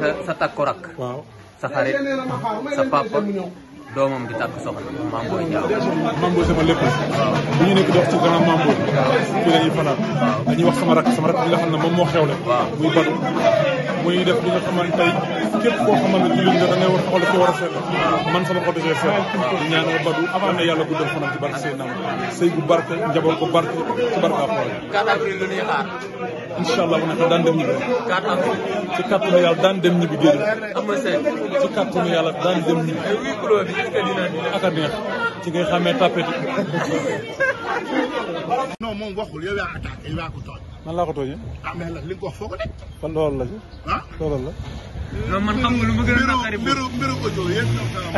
sa sa takku rakk. waaw sa xarit sa papa doomam di takk soxna Mame Boye Diao. Mame Boye sama lépp bu ñu nekk dox ci gannaaw Mame xam ne moom moo xewle. waaw muy badu muy def li nga xamante tey képp koo xamante ne jullit nga da xol ko war a fekk man sama xol dafay fekk di ñaanal Badou am na yàlla barke Seydina Muhammad bu barke njaboot barke ci barke Apol. 4 avril lu ñuy xaar. incha allah bu nekk daan daan dem ñibbi géej. am na seen. ci kàttanu yàlla daan dem ñibbi. mais ak a neex ci ngay xamee tapet non man laa ko tooñee. ah mais la ci. ah la. non man xam nga lu ma gën a naqari. mbiru mbiru audio yëpp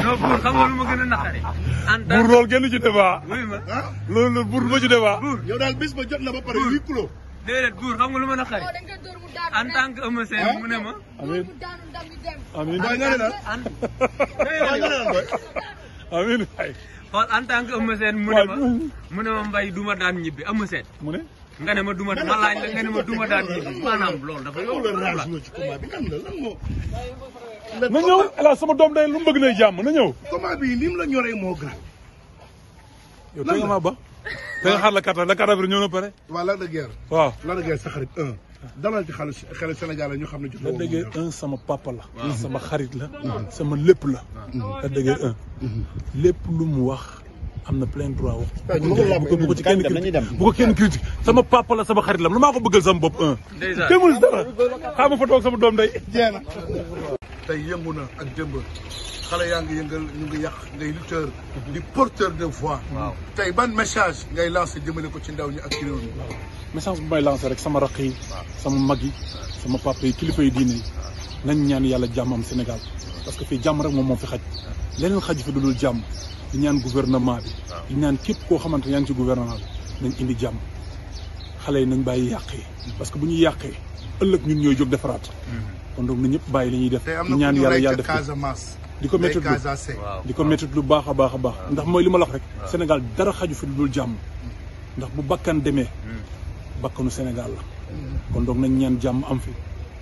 non buur a naqari. en ba jot na ba pare huit kilos. déedéet buur xam ma naqari en tant que Eumeu Sène ma. amiin la waay nga ne la waay. amiin waay. xool en tant ma mbay du daan ñibbi Eumeu nga ma duma ma laaj la nga ne ma duma daan kii la la na ñëw El sama doom day lu mu bëgg lay jàmm na ñëw. combat bi la ñoree moo nga ba. tey nga xaar la carte la carte d'identité ñëw na pare. waaw Lac de sa xarit un. dalal ci xelu xelu Sénégal la ñu xam ne. jot Lac un sama papa la. sama xarit la. sama lépp la. Lac de un. lépp lu mu wax. am na plein droit wax ah, bu ko ci kenn bu ko kenn critique sama papa sama xarit la lu maa ko bëggal sama bopp un demul dara xaama fa toog sama doom day jeena tey yëngu na ak démb xale yaa ngi yëngal ñu ngi yàq ngay lutteur di porteur de voix tey ban message ngay lancé jëmale ko ci ndaw ñi ak ci réew mi message bu may lancé rek sama rakk yi sama mag yi sama papa yi kilifa yi diine yi nañ ñaan yàlla jàmm am Sénégal parce que fii jàmm rek moom moom fi xaj leneen xaj fi du dul di ñaan gouvernement bi. di ñaan képp koo xamante ne yaa ngi ci gouvernement bi nañ indi jàmm xale yi nañ bàyyi yàq yi mm-hmm. parce que bu ñu yàqee ëllëg ñun ñooy jóg defaraat. Mm-hmm. kon doog na ñëpp bàyyi li ñuy def. di ñaan yàlla yàlla def di ko métti di ko métti lu baax a baax a baax. ndax mooy li ma la wax rek. Sénégal dara xaju fi dul jàmm. Mm-hmm. ndax bu bàkkan demee. bakkanu Sénégal la. kon donc nañ ñaan jàmm am fi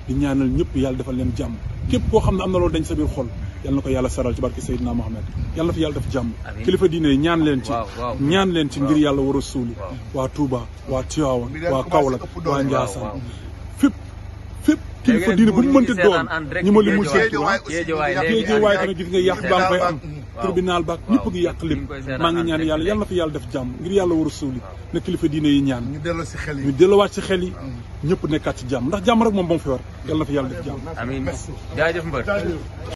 di ñaanal ñëpp yàlla defal leen jàmm. képp koo xam ne am na loolu dañ sa biir xol yal na ko yàlla saral ci barke Seydina Mohamed yàlla fi yàlla def jàmm kilifa diine yi ñaan leen ñaan leen ci ngir yàlla war a suuli waa Touba waa Tiwaawan waa Kaolack waa Njaasaan fépp fépp kilifa diine bu mu mënta doon ñi ma limul seen géej waaye tamit gis nga yàq baa ngi fay am tribunal baak ñëpp gi yàq lépp maa ngi ñaan yàlla yàlla na fi yàlla def jàmm ngir yàlla war a suuli na kilifa diine yi ñaan ñu delluwaat ci xel yi ñëpp nekkaat ci jàmm ndax jàmm rek moom ba mu fi war yàlla na fi yàlla def jàmm